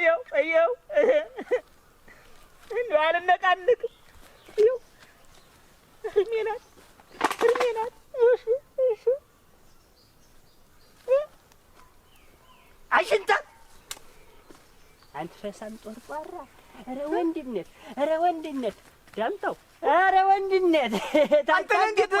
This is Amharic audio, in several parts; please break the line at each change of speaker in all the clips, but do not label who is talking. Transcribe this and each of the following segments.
እየው እየው እንደው አልነቃነቅም። እየው እርሜ ናት እርሜ ናት። እሺ እሺ አሽንታ
አንተ ፈሳም ጦርቋራ ኧረ ወንድነት ኧረ ወንድነት ዳምጠው ኧረ ወንድነት
እንግዲህ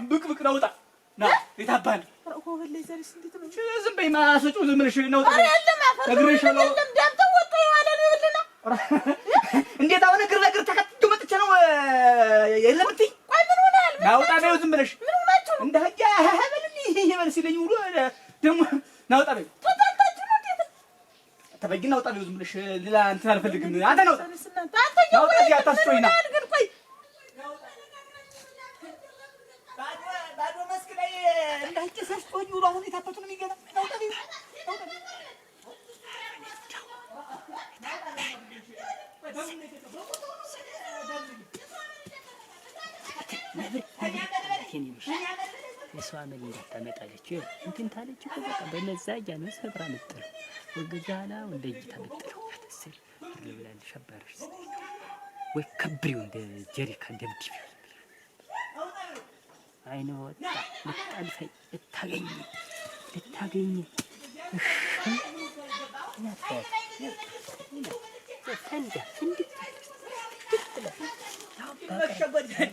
በጣም ብቅ ብቅ ነውጣ ና የታባን ዝም በይ ማሰጩ ዝም ብለሽ ነውጣ እንዴት አሁን እግር ለእግር ተከትቶ መጥቼ ነው የለም እትይ ናውጣ በይው ዝም ብለሽ እንደ ህጃ በል ሲለኝ ውሎ ደግሞ ናውጣ በይው ተበጊ ናውጣ በይው ዝም ብለሽ ሌላ እንትን አልፈልግም አንተ ናውጣ ናውጣ አታስጮይና ቢውሉ አሁን የታበቱ ነው የሚገዛ
የሰው አመል እንዳታመጣለች እንትን ታለች እኮ በቃ በነዛ እያነስ ህብራ ምጥር ወገዛላ ወደ እጅ ታመጥረው ያተስል ብላለሽ አባረሽ ወይ ከብሪው እንደ ጀሪካ እንደምድብ አይነ ወጣ ልታልፈኝ ልታገኝ ልታገኝ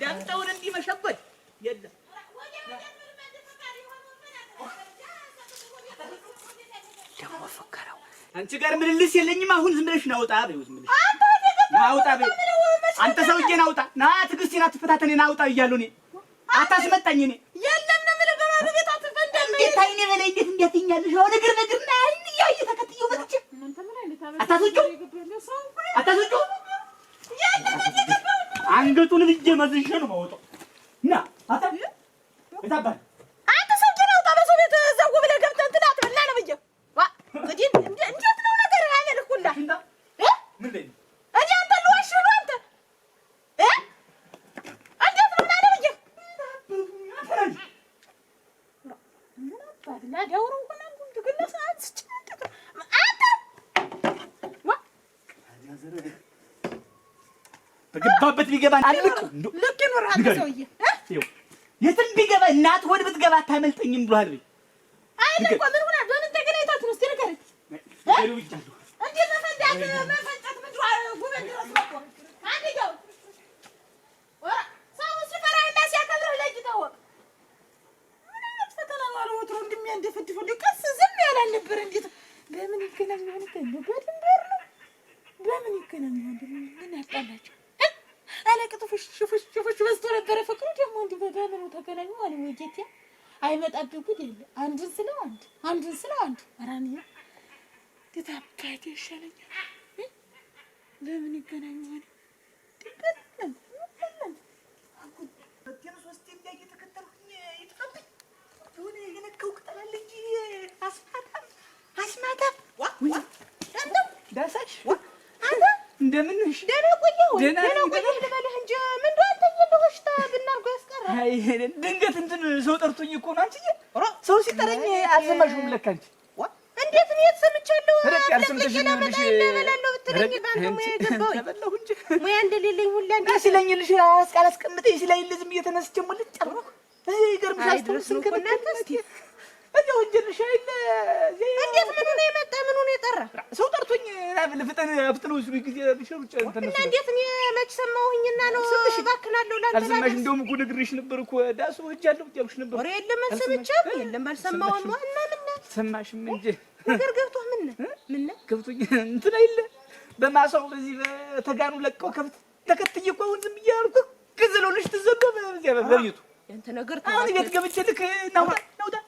ዳምጠውን እንዲህ መሸጎድ የለም። ደግሞ አንቺ ጋር ምልልስ የለኝም። አሁን ዝም ብለሽ ናውጣ ናውጣ አንተ ሰውዬ ናውጣ ና ናውጣ እያሉ እኔ አታስመጣኝ እኔ
እንዴት ይኛልሽ? አሁን እግር እግር ና እያየ ተከትየው መጥቼ
አታስወጪው አታስወጪው አንገቱን ብዬ መዝሼ ነው የማወጣው። ና አታ እዛ አባል የገባበት ቢገባ
ልክ ይኖርሃል። ሰውዬ
የትም ቢገባ እናት ወድ ብትገባ አታመልጠኝም ብሏል።
አይ ምን ሆና በምን ተገናኝታችሁ ነው? እስኪ ንገረኝ። ጌቴ አይመጣብህ ጉድ የለ። አንዱን ስለው አንድ አንዱን ስለው አንዱ አራንያ እንዴት አባቴ ይሻለኛል። ለምን ይገናኝ ሆነ
አስማታ አስማታ አንተ እንደምን ነሽ?
ደህና ቆየሁ ደህና ቆየሁ ልበልህ እንጂ ምንድን አንተ እየለሆሽ ብናርጎ ያስቀረ
ድንገት እንትን ሰው ጠርቶኝ እኮ ነው። አንቺዬ ሰው ሲጠረኝ አልሰማሽም ለካ አንቺ።
እንዴት ነው የተሰምቻለሁ?
ነው አልሰምተሽም እበላለሁ
ብትለኝ በአንተ ሙያ ገባሁ እንጂ ሙያ እንደሌለኝ ሁላ እንደ
ሲለኝልሽ አስቃል አስቀምጠኝ ሲለኝልህ ልዝም እየተነስቼ ሙልጭ አልኩ። ይገርምሻል።
አስተውል ስንክን እናንተ እስኪ
እዚያው እንጀርሻ የለ
እንዴት? ምኑ ነው የመጣ? ምኑ ነው የጠራ?
ሰው ጠርቶኝ ልፍጠን አፍጥነው ሲሉኝ ጊዜ ብሸሩጫ
እና እንዴት እኔ መች ሰማሁኝና ነው እባክናለሁ።
ላልሰማሽ እንደውም እኮ ነግሬሽ ነበር እኮ ዳሱ ሄጃለሁ ብያለሽ ነበር። ኧረ
የለም አልሰምቼም፣ የለም አልሰማሁም። እና ምን
ሰማሽም እንጂ
ነገር ገብቶህ ምን ምን
ገብቶኝ እንትን አይደለ በማሳው በዚህ በተጋኑ ለቀው ከብት ተከትዬ እኮ አሁን ዝም ብዬሽ አልኩህ። ግዝለውልሽ ትዘጋ በዚያ በቤቱ አንተ ነገር አሁን ቤት ገብቼ ልክ ናውጣ ናውጣ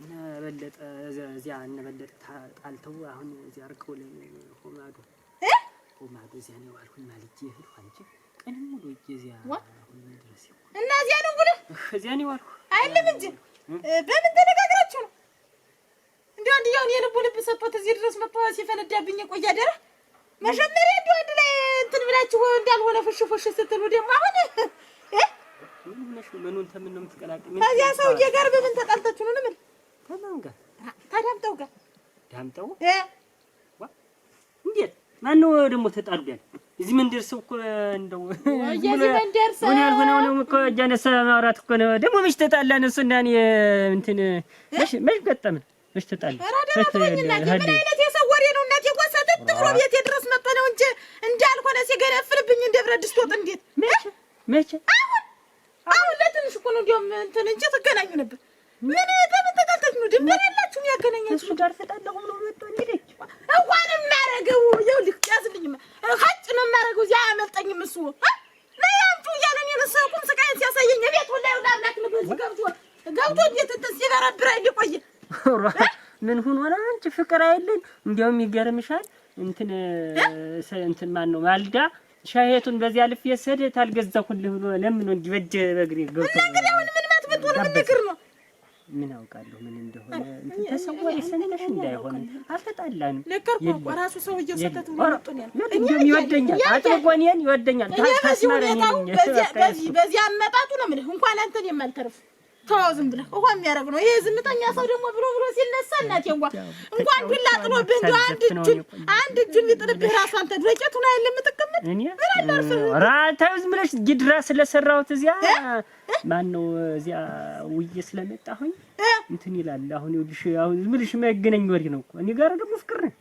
እነ በለጠ እዚያ እነ በለጠ ጣልተው አሁን እዚያ አርቀው ለሆማዶ እ ሆማዶ እዚያ ነው አልኩኝ ማልጄ ሄድኩ። አንቺ ቀንም ሙሉ እዚያ
ሁሉ ድረስ እና እዚያ ነው ብለ እዚያ ነው አልኩ። አይልም እንጂ በምን ተነጋግራችሁ ነው? እንደው አንድ ያውን የልቡ ልብ ሰጥቶት እዚህ ድረስ መጥቶ ሲፈነዳብኝ ቆያ ደረ መጀመሪያ እንደው አንድ ላይ እንትን ብላችሁ እንዳልሆነ ፍሽ ፍሽ ስትሉ ደግሞ አሁን እ
ምኑን ተምን ነው የምትቀላቅል
ከዚያ ሰውዬ ጋር በምን ተጣልተች? ከማን ጋር? ከዳምጠው ጋር።
ዳምጠው እንዴት ማን ነው ደግሞ ተጣሉ ያለ? እዚህ መንደር ሰው እኮ እንደው ምን ያልሆነው ነው እኮ እያነሳ ማውራት እኮ ነው። ደግሞ መች ተጣላን? እሱ እና እኔ እንትን መች መች ገጠምን? መች ተጣላን?
ኧረ ደረሰኝና ምን አይነት የሰው ወሬ ነው እናቴ? ወሰደት ትብሎ ቤቴ ድረስ መጥቶ ነው እንጂ እንዳልሆነ ሲገነፍልብኝ እንደ ብረት ድስት ወጥ እንዴት መች መች አሁን አሁን ለትንሽ እኮ ነው እንዲያውም እንትን እንጂ ትገናኙ ነበር ምን ምኑ ድንበር ያላችሁ ያገናኛል። እሱ ጋር ፈጣለሁ ብሎ መጥቶ እንግዲህ እንኳን የማረገው ይኸውልህ፣ ያዝልኝማ ሀጭ ነው የማረገው እዚያ አያመልጠኝም እሱ ለያምጡ እያለን የመሰቁም ስቃይን ሲያሳየኝ ቤት ሁላ ይሁን አምላክ ንጉስ ገብቶ ገብቶ እንዴት እንትን ሲበረብራ ይቆይ
ምን ሁን ሆነ አንቺ ፍቅር አይልን እንዲያውም ይገርምሻል። እንትን እንትን ማን ነው ማልዳ ሻሄቱን በዚህ አልፍ የሰደ አልገዛሁልህ ብሎ ለምን እንዲበጀ በእግሬ ገብቶ
ነገር አሁን ምን ማለት ብትሆነ ምን ነገር ነው
ምን አውቃለሁ ምን እንደሆነ እንትን ተሰዋሪ ሰነሽ እንዳይሆን አልተጣላንም።
ነገርኩህ ራሱ ሰው ሰውዬው ሰተት ይወደኛል፣
አጥብቆኔን ይወደኛል። ታስማረኝ
በዚህ አመጣጡ ነው የምልህ እንኳን አንተን የማልተርፍ ተው ዝም ብለህ ውሃ የሚያደርግ ነው ይሄ ዝምተኛ ሰው ደግሞ ብሎ ብሎ ሲነሳ እናቴ እንኳ እንኳን ዱላ ጥሎብህ እንደው አንድ እጁን አንድ እጁን ቢጥልብህ ራሱ አንተ ዱቄቱን አይደለም የምትቀመጥ
ራ ተው ዝም ብለሽ ጊድራ ስለሰራሁት እዚያ ማን ነው እዚያ ውዬ ስለመጣሁኝ እንትን ይላል። አሁን ይኸውልሽ አሁን ዝም ብለሽ የማይገናኝ ወሬ ነው እኮ እኔ ጋር ደግሞ ፍቅር ነህ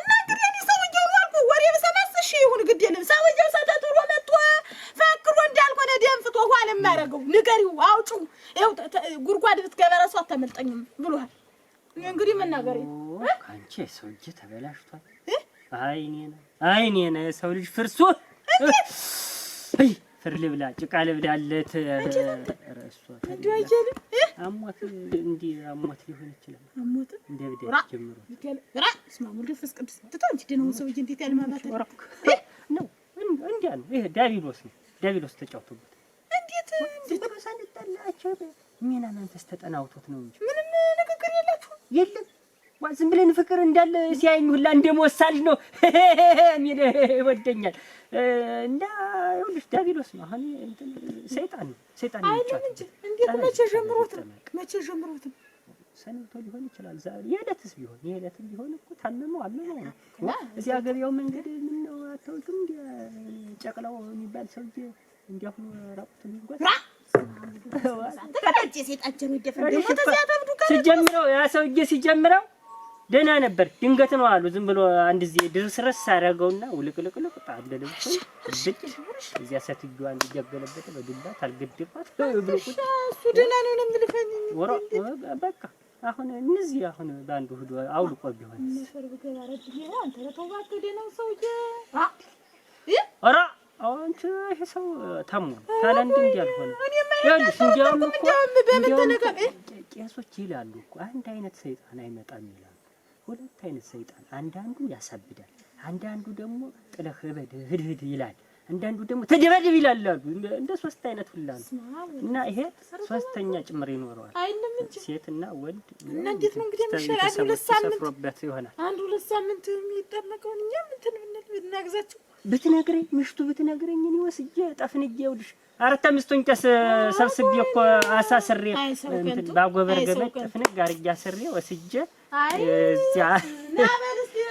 እና እንግዲህ እኔ ሰውዬውን አልኩህ ወሬ ብሰማስ እሺ ይሁን ግድ የለም ሰውዬ ነው የማያደርገው። ንገሪው፣ አውጪው፣ ይኸው ጉድጓድ ብትገበረ እራሱ አታመልጠኝም ብሎሃል። እንግዲህ መናገር
አንቺ የሰው እጅ ተበላሽቷል። አይ እኔ ነህ፣ አይ የሰው ልጅ ፍርሱ ፍር ልብላ ጭቃ ልብላለት አሞት አሞት ሊሆን ይችላል።
አሞት ቅዱስ ትቶ ደነው
እንዴት ነው። ዳቢሎስ ነው። ዳቢሎስ ተጫውቶበት ሚና መንፈስ ተጠናውቶት ነው እንጂ
ምንም ንግግር የላችሁም።
የለም ዝም ብለን ፍቅር እንዳለ ሲያየኝ ሁላ እንደ መወሳልጅ ነው ሚል ይወደኛል። እንዳ ይኸውልሽ ዲያብሎስ ነው አሁን ሰይጣን ነው ሰይጣን ነው።
አይደለም እንጂ እንዴት መቼ ጀምሮት መቼ ጀምሮት
ሰንብቶ ሊሆን ይችላል። ዛሬ የዕለትስ ቢሆን የዕለትም ቢሆን እኮ ታመመው አመመው ነው። እዚያ ገበያው መንገድ ምን አታውቅም? አታውቅም? ጨቅላው የሚባል ሰውዬ እንዲያሁኑ ራቁት የሚጓዝ
ሲጀምረው ያ ሰውዬ ሲጀምረው ደህና ነበር። ድንገት ነው አሉ ዝም ብሎ አንድ ድርስርስ አደረገውና ውልቅልቅልቅ ጣለ እዚያ ሴትዮዋ አንድ በዱላ
ደህና ነው ነው የምልፈኝ
በቃ አሁን እነዚህ አሁን አውልቆ ቢሆን
አንተ ደህና ሰውዬ
አንቺ ይሄ ሰው ታሙ ታላንድ እንዲያልሆነ
ያልሽ እንዲያውም እኮ
ቄሶች ይላሉ እኮ አንድ አይነት ሰይጣን አይመጣም ይላሉ። ሁለት አይነት ሰይጣን፣ አንዳንዱ ያሳብዳል፣ አንዳንዱ ደግሞ ጥለህ እበድ ሂድ ሂድ ይላል፣ አንዳንዱ ደግሞ ተደበድብ ይላል አሉ። እንደ ሶስት አይነት ሁላ ነው እና ይሄ ሶስተኛ ጭምር ይኖረዋል። ሴትና ወንድ
እንዴት ነው እንግዲህ የሚሻል? አንድ ሁለት ሳምንት ይሆናል። አንድ ሁለት ሳምንት የሚጠመቀውን እኛ ምንትን ብናግዛቸው
ብትነግረኝ ምሽቱ ብትነግረኝ እኔ ወስጄ ጠፍንዬ ይኸውልሽ አራት አምስት ወንቄስ ሰብስቤ እኮ አሳ ስሬ ባጎበር ገመድ ጥፍንግ አድርጌ አስሬ ወስጄ
እዚያ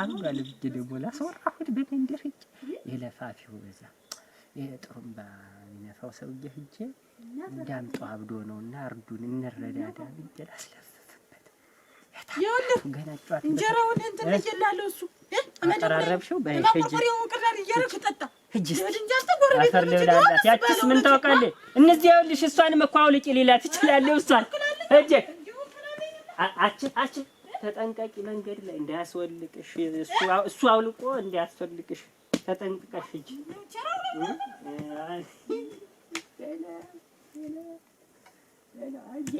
አበባ ልብድ ደቦላ ላስወራሁት በደንደር ሂጅ የለፋፊው በዛ ይሄ ጥሩምባ የሚነፋው ሰውዬ ሂጄ እንዳምጦ አብዶ ነው እና እርዱን እንረዳዳ ብዬ ላስለፍፍበት
ይኸውልህ ገና ጨዋታ እንጀራውን እንትን እየላለሁ እሱ
አቀራረብሽው በሂጅ
ቅራር እያደረግህ ጠጣ አፈር
ልብላላት ያቺስ ምን ታውቃለህ እነዚህ ይኸውልሽ እሷንም እኮ አውልቂ ሌላ ትችላለህ እሷን ሂጅ አች አች ተጠንቀቂ፣ መንገድ ላይ እንዳያስወልቅሽ እሱ አውልቆ እንዳያስወልቅሽ ተጠንቅቀሽ እጅ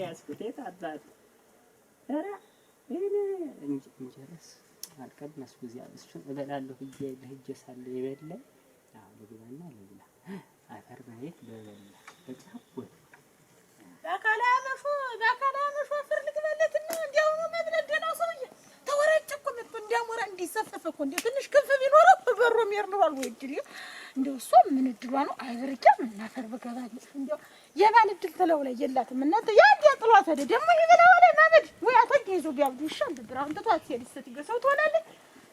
ያዝኩት እዚያ እሱን እበላለሁ ሳለ ልግባና ልብላ አፈር በበላ
ዳሞራ እንዲሰፈፈ እኮ እንደ ትንሽ ክንፍ ቢኖረው በሮ ሜር ኖሯል ወይ እድል እንደው እሷ ምን እድሏ ነው? አይበርጃ ምናፈር በገባ እንደው የባል እድል ተለው ላይ የላትም እናንተ ያ እንዲያ ጥሏት ሄደ። ደግሞ ይበላው ላይ ማመድ ወይ አተግ ይዞ ቢያብዱ ይሻል ነበር። አሁን ተቷት ሲሄድ ስትገሰው ትሆናለች።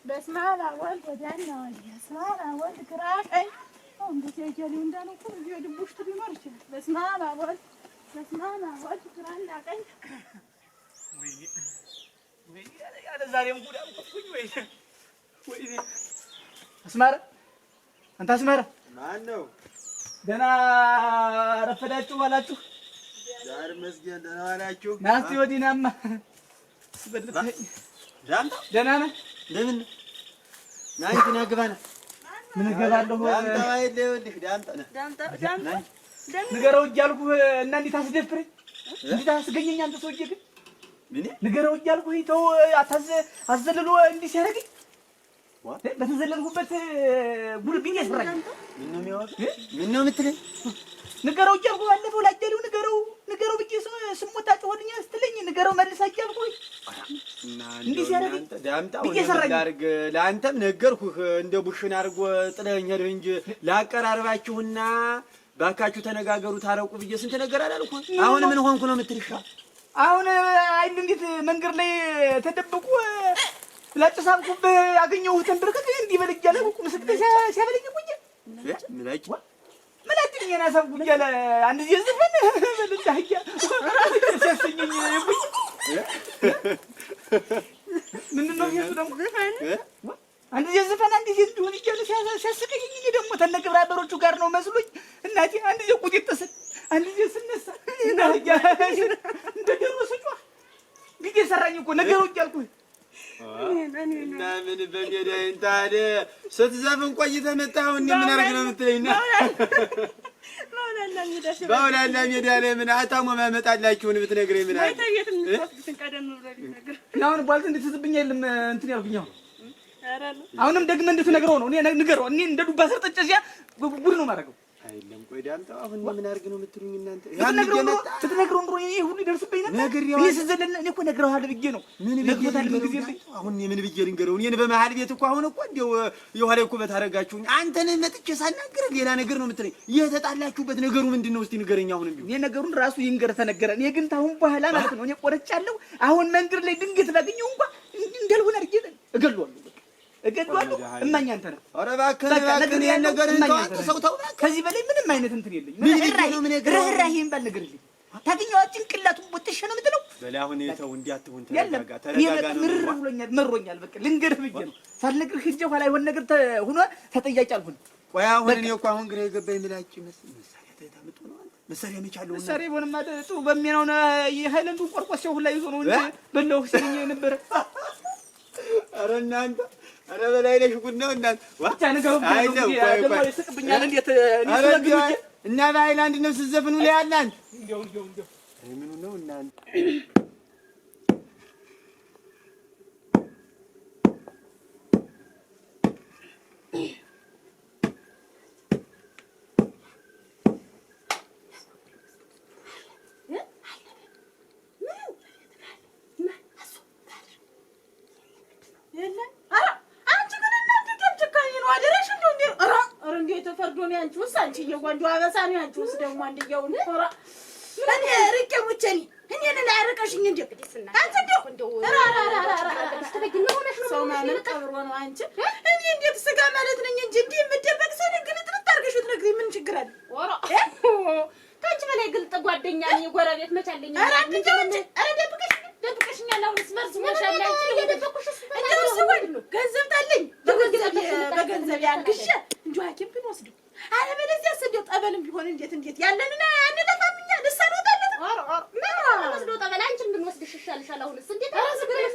በስመ አብ ወወልድ ወዲያና ወዲህ በስመ አብ ወወልድ ግራ ቀኝ እንዴት ያያለው እንዳለው እኮ የድቡሽቱ ቢኖር ይችላል። በስመ አብ ወወልድ በስመ አብ ወወልድ ግራና ቀኝ
ወይ አስማረ አንተ አስማረ ማን ነው? ደህና ረፈዳችሁ ዋላችሁ?
ዛሬ መስጊድ ደህና ዋላችሁ።
ናስቲ ወዲናማ ደህና ነህ?
ለምን ናይ ግባና
ምን እገባለሁ? ንገረው እያልኩህ እና እንዴት አስደፍረኝ እንዴት አስገኘኝ አንተ ሰውዬ ግን ንገረው እያልኩህ ተው አዘልሎ እንዲህ ሲያደርግኝ በተዘለልኩበት ቢኝ ያስፈራኝ።
ምን
ነው የምትለኝ?
ንገረው እያልኩህ ባለፈው ላጃሌው ንገረው ንገረው ብዬሽ ስሞታ ጮኸልኝ ስትለኝ ንገረው መልሳ እያልኩህ
እንዲህ ሲያደርግኝ ብዬሽ ሰራኝ። ለአንተም ነገርኩህ እንደ ቡሽን አድርጎ ጥለኸኝ ሄድህ እንጂ ላቀራርባችሁና ባካችሁ ተነጋገሩ ታረቁ ብዬሽ ስንት ነገር አላልኩህ? አሁን ምን ሆንኩ ነው የምትልሻ
አሁን አይሉ እንዴት መንገድ ላይ ተደብቁ ላጭሳብኩብህ ያገኘሁትን ብርቅት እንዲህ ቁም ስትል ሲያበለኝ ምላጭ ምን ያሳብኩ እያለ አንድ ጊዜ ዝፈን በልዳያ ሲያሰኘኝ ቁጭ ነው ደግሞ አንድ ጊዜ ዝፈን አንድ ጊዜ እንዲሆን እያለ ሲያስቀኝ ደግሞ ተነግብራ ጋር ነው መስሎ
ስትዘፍን ቆይተህ መጣህ። አሁን እኔ ምን አደርግ ነው የምትለኝ? እና በውላላ ሜዳ ላይ ምን አታሞ ማመጣላችሁን ብትነግረኝ ምን አለ?
አሁን ቧልት እንድትዝብኝ የለም እንትን ያልኩኝ አሁን አሁንም ደግመህ እንድትነግረው ነው። እኔ ንገረው። እኔ እንደ ዱባ ስር ጠጨ ጉድ ነው የማደርገው
አይደለም። ቆይ ዳምጠው፣ አሁን ምን አድርግ ነው የምትሉኝ እናንተ?
ስትነግረው ኑሮ ይሄ ሁሉ ይደርስብኝ ነበር። ይህ ስዘለለ እኔ እኮ ነግረዋል ብዬ ነው ነግሮታል። ምን ጊዜ አሁን ምን ብዬ ልንገረው? እኔን በመሀል ቤት እኮ አሁን እኮ እንዲያው የኋላ እኮ በታረጋችሁኝ። አንተን መጥቼ ሳናገር ሌላ ነገር ነው የምትለኝ። የተጣላችሁበት ነገሩ ምንድን ነው? እስቲ ንገረኝ። አሁን እንዲሁ እኔ ነገሩን ራሱ ይንገር ተነገረ። እኔ ግን ታሁን በኋላ ማለት ነው እኔ ቆረቻለሁ። አሁን መንገድ ላይ ድንገት ባገኘው እንኳ እንዳልሆነ አድርጌ እገለዋለሁ እገድዋለሁ። እማኝ አንተ ነህ። ኧረ
እባክህ እባክህ፣ ይሄን ነገር እንተዋጥ ሰው ተው።
ከዚህ በላይ ምንም አይነት እንትን የለኝም። ርህራሄ የሚባል ነገር የለኝም። ታገኘዋት ጭንቅላቱን ቦጥሽ ነው የምትለው። በላይ አሁን ተው፣
እንዲህ አትሁን። ተረጋጋ፣ ተረጋጋ።
ምርር ብሎኛል፣ መሮኛል። በቃ ልንገርህ ብዬ ነው ሳልነግርህ ሂጅ። ኋላ የሆነ ነገር ሆኖ ተጠያቂ አልሆን።
ቆይ አሁን እኔ እኮ አሁን ግራ የገባኝ ምላጭ መሰለኝ መሳሪያ ተታምጡ ነው አንተ መሳሪያ መቻለው
መሳሪያ ሆነማ ጥሩ በሚያውና የሃይላንዱን ቆርቆስ ሁላ ይዞ ነው እንጂ በለው ሲልኝ የነበረ
ኧረ እናንተ ኧረ በላይ ነሽ ጉድ ነው እናንተ። እና በሀይላንድ ነው ስትዘፍኑ ላይ ያላንድ ምኑ ነው እናንተ
የለም የተፈርዶ ነው ያንቺ ውስጥ አንቺ እየጓንጆ አበሳ ነው ያንቺ ውስጥ ደግሞ አንድየው ነው እኔ ርቄ ሙቸኒ እኔ ነኝ አረቀሽኝ እንዴ አንቺ እንዴ እንዴት ስጋ ማለት ነኝ እንጂ እንዴ የምደበቅ ሰው ግን ጥርጥ አድርገሽ ምን ችግር አለ? ኦሮ ታች በላይ ግልጥ ጓደኛ ነኝ ጎረቤት መች አለኝ? ኧረ አንቺ አንቺ ኧረ ደብቀሽ ደብቀሽኛል። አሁንስ መርዝ ሞሻል ገንዘብ ታለኝ በገንዘብ ያንግሽ ሐኪም ብንወስደው አለበለዚያስ እንደው ጠበልም ቢሆን እንዴት እንዴት ያለንን አንለፋም እኛ ልሳኖታለት ወስዶ ጠበል አንቺን ብንወስድሽ ይሻልሻል። አሁንስ እንዴት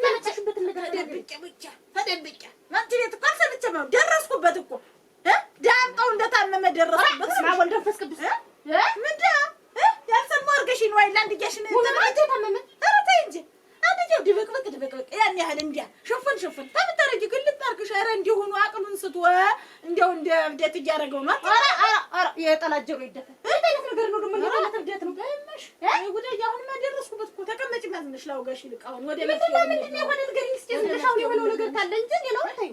ተመቸሽበትን ነገር ተደብቄ ብቻ ተደብቄ ማንቺ ቤት እኮ አልሰለቸም። ነው ደረስኩበት እኮ ዳምጠው እንደታመመ ደረስኩበት። ስማ ወልደ መንፈስ ቅዱስ ምንድን ያልሰማው አድርገሽኝ ነው አይደል? ተመመ ታመመ። ኧረ ተይ እንጂ አንድዬው ድብቅብቅ ድብቅብቅ ያን ያህል እንዲያ ሽፍን ሽፍን ተምታረጊ ግልጥ አድርግሽ። ኧረ እንዲሁ ሆኖ አቅሉን ስትወ እንደው እንደ እብደት እያደረገው ነው። ኧረ ኧረ ኧረ የጠላት ጀሮ ይደፈን። እንዴት አይነት ነገር ነው ደግሞ? የጠላት እብደት ነው። ገመሽ ጉዳይ አሁንማ ደረስኩበት እኮ ተቀመጭ ማዝነሽ ላውጋሽ። ይልቅ አሁን ወደ ምንድን ነው ምንድን የሆነ ነገር ይስጤ ዝነሽ አሁን የሆነው ነገር ካለ እንጂ ሌላው ታይ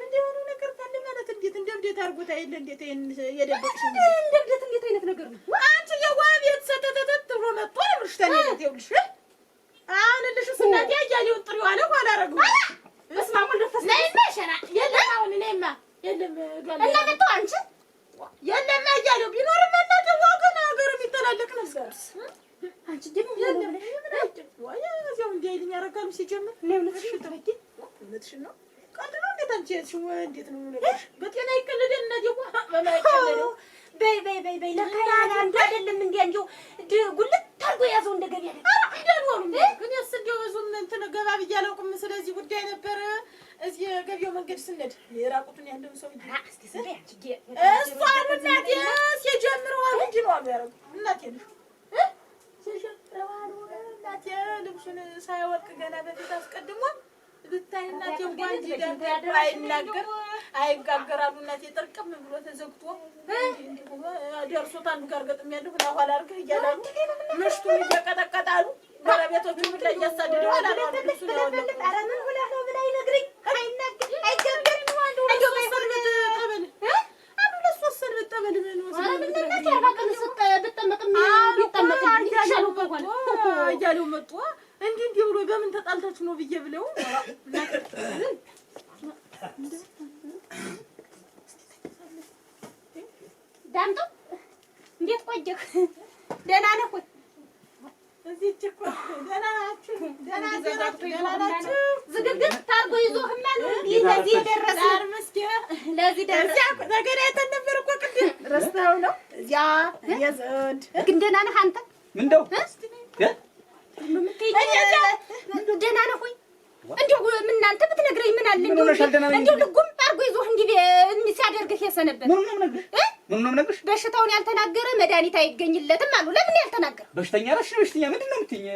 ምንድን የሆነው ነገር ካለ ማለት እንዴት እንደ እብደት አድርጎታ የለ እንዴት ይሄን የደበቅሽ እንደ እብደት እንዴት አይነት ነገር ነው? አንቺ የዋህ ቤት ሰተተተት ብሎ መጥቶ ልብሽ ተነገት ይውልሽ አሁን ልሽ ስናት ያያሌውን ጥሪዋለ ኋላ አረገው እስማሙን ልፈስ ነይማ ሸራ የለም አሁን ነይማ የለም አንቺ የለም እያለሁ ቢኖርም እናቴ ዋገን ሀገር የሚተላለቅ ነበር። አንቺ ደግሞ እንዲያይልኝ ያደርጋሉ። ሲጀምር እውነትሽን ነው። ቀልድ ነው። እንዴት አንቺ እንዴት ነው? በጤና ይቀለዳል። እናቴ በይ በይ በይ በይ ለካ አይደለም እንዲያ እንዲሁ ጉልት ታርጎ የያዘው እንደ ገበያ ገባ ብዬ አላውቅም። ስለዚህ ጉዳይ ነበረ እዚህ ገቢያው መንገድ ስንሄድ የራቁቱን ያንደም ሰው እናቴ ልብሱን ሳያወልቅ ገና በፊት አስቀድሟል። ብታይ እናቴ እንጂ ደንታ አይናገር አይጋገራሉ። እናቴ ጥርቅም ብሎ ተዘግቶ ደርሶት አንዱ ጋር ገጥም ያለሁ ኋላ አድርገህ እያላሉ ምሽቱን እየቀጠቀጣሉ። ጎረቤቶቹ እያሳድደዋል። የደረሰነበት በሽታውን ያልተናገረ መድኃኒት አይገኝለትም አሉ። ለምን ያልተናገረ በሽተኛ እራስሽ በሽተኛ ምንድን ነው የምትይኝ?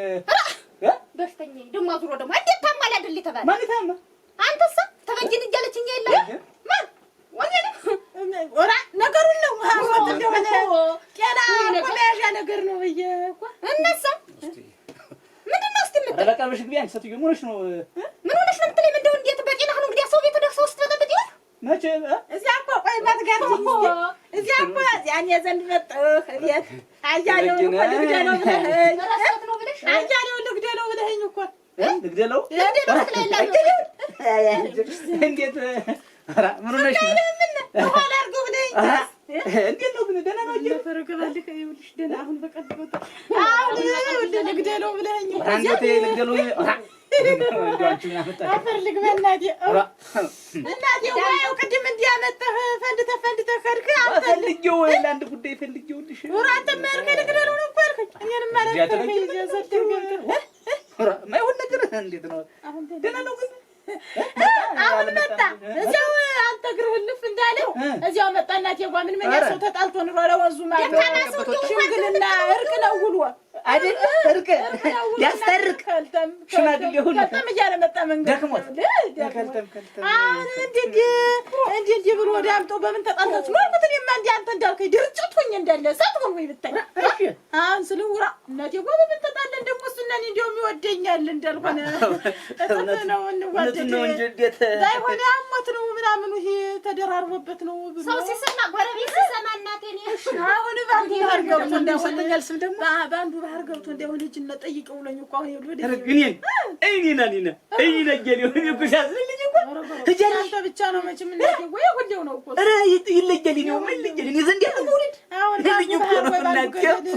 በሽተኛ ደግሞ አዙሮ ደግሞ እንዴት ታሟል አይደል የተባለ አንተሳ ተበጅን እያለች እኛ ነገሩን ነው መያዣ ነገር ነው ብዬ እኮ እነሳ ምንድን ነው እስኪ የምትለው ምን ሆነሽ ነው የምትለኝ? ምንድን ነው እንዴት በጤና ነው እንግዲህ ሰው ቤት ደርሰው ውስጥ መቼ እዚያ እኮ ቆይ መትገት እዚያ እኮ ያኔ ዘንድ መጣህ እቤት አያሌውን እኮ ልግደለው ብለኸኝ አያሌውን ልግደለው ብለኸኝ እኮ ልግደለው እንዴት ምን ሆነሽ ነው ኋላ አድርገው ብለኸኝ እንዴት ነው ብለህ ደህና ነው እንጂ ፈረገባልህ ይኸውልሽ ደህና አሁን በቀደም አሁን ልግደለው ብለኸኝ አንዴ ልግደለው አፈር ልግበና እናቴ ድርጭት ሆኜ እንዳለ እሳት ሆኖ ይብታኝ። አሁን ስለውራ ውራ እናቴ ጓ በምን ተጣለ እንደ እንዲሁም ይወደኛል እንዳልሆነ እውነት ነው እንዴት ሆነ አሞት ነው ምናምን ይሄ ተደራርቦበት ነው ሰው ሲሰማ ጎረቤት ሲሰማ እናቴን አሁን በአንዱ ባህር ገብቶ እንዳይሆን ስም ደግሞ በአንዱ ባህር ገብቶ እንዳይሆን ጠይቀው ብለኝ እኮ አሁን እኔን ብቻ ነው መቼም ነው እኮ ይለየልኝ ነው ዘንድ ያለ እኮ ነው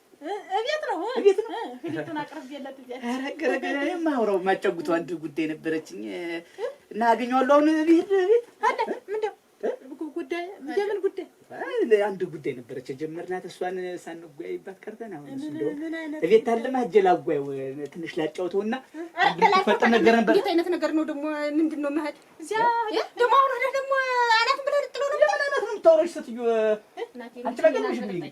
እቤት ነው እቤት ነው። ህሊቱን አቅርቤለት ማውራው ማጫጉቱ አንድ ጉዳይ ነበረችኝ እና አገኘዋለሁ። አሁን እቤት እቤት አለ ምንድን ጉዳይ እንደምን ጉዳይ አንድ ጉዳይ ነበረች የጀመርናት እሷን ሳንጓይባት ቀርተን አሁን እቤት ታለማ እጄ ላጓየው ትንሽ ላጫውተው እና ፈጥር ነገር ነበር። የት አይነት ነገር ነው ደግሞ? ምንድን ነው መሄድ እዚያ ደግሞ አሁን ደግሞ አናት ብለህ ልጥሎ ነው። ለምን አናት ነው የምታወራሽ ስትዩ አንቺ ባገኘሽ ብኝ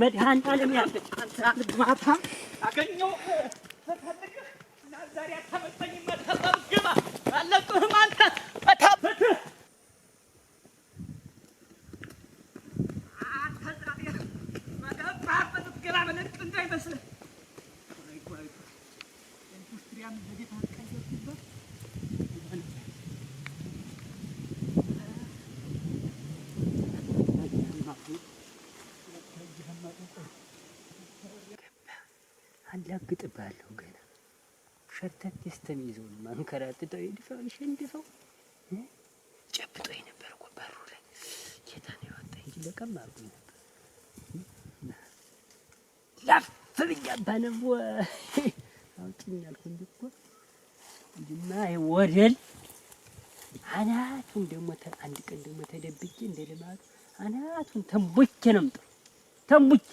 መድኃኒዓለም ያለች ማታ አገኘው ተፈልግህ እና ዛሬ አታመጣኝም። አታባብገባ አለብህም አንተ ፈታበትህ ገባ መለቅ እንዳይመስልህ ኢንዱስትሪያም ለጌታ አላግጥብሃለሁ ገና ሸርተት የስተሚይዘውን ማንከራትተው ይድፈው ይሸንድፈው ጨብጦ የነበር እኮ በሩ ላይ ጌታ ነው ያወጣ እንጂ ለቀም አድርጎ ነበር። ላፍ ብያባ ነቦ አውጭኝ ያልኩ እኮ እንጂማ ወደል አናቱን ደግሞ አንድ ቀን ደግሞ ተደብቄ እንደ ልማቱ አናቱን ተንቦቼ ነምጠው ተንቡች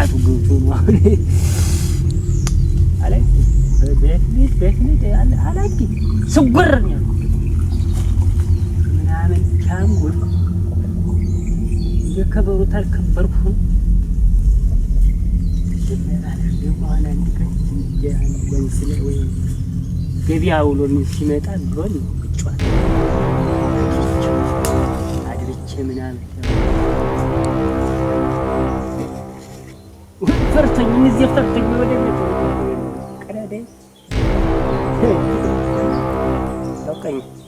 አባቱ ገብቶ ነው አሁን ስጉር ነው ምናምን ቻንጉል የከበሩ ታልከበርኩ የሆነ ውሎ ሲመጣ ቢሆን ነው ምናምን ፈርቶኝ እዚህ ፈርቶኝ ወደ ቤት ቀዳዳ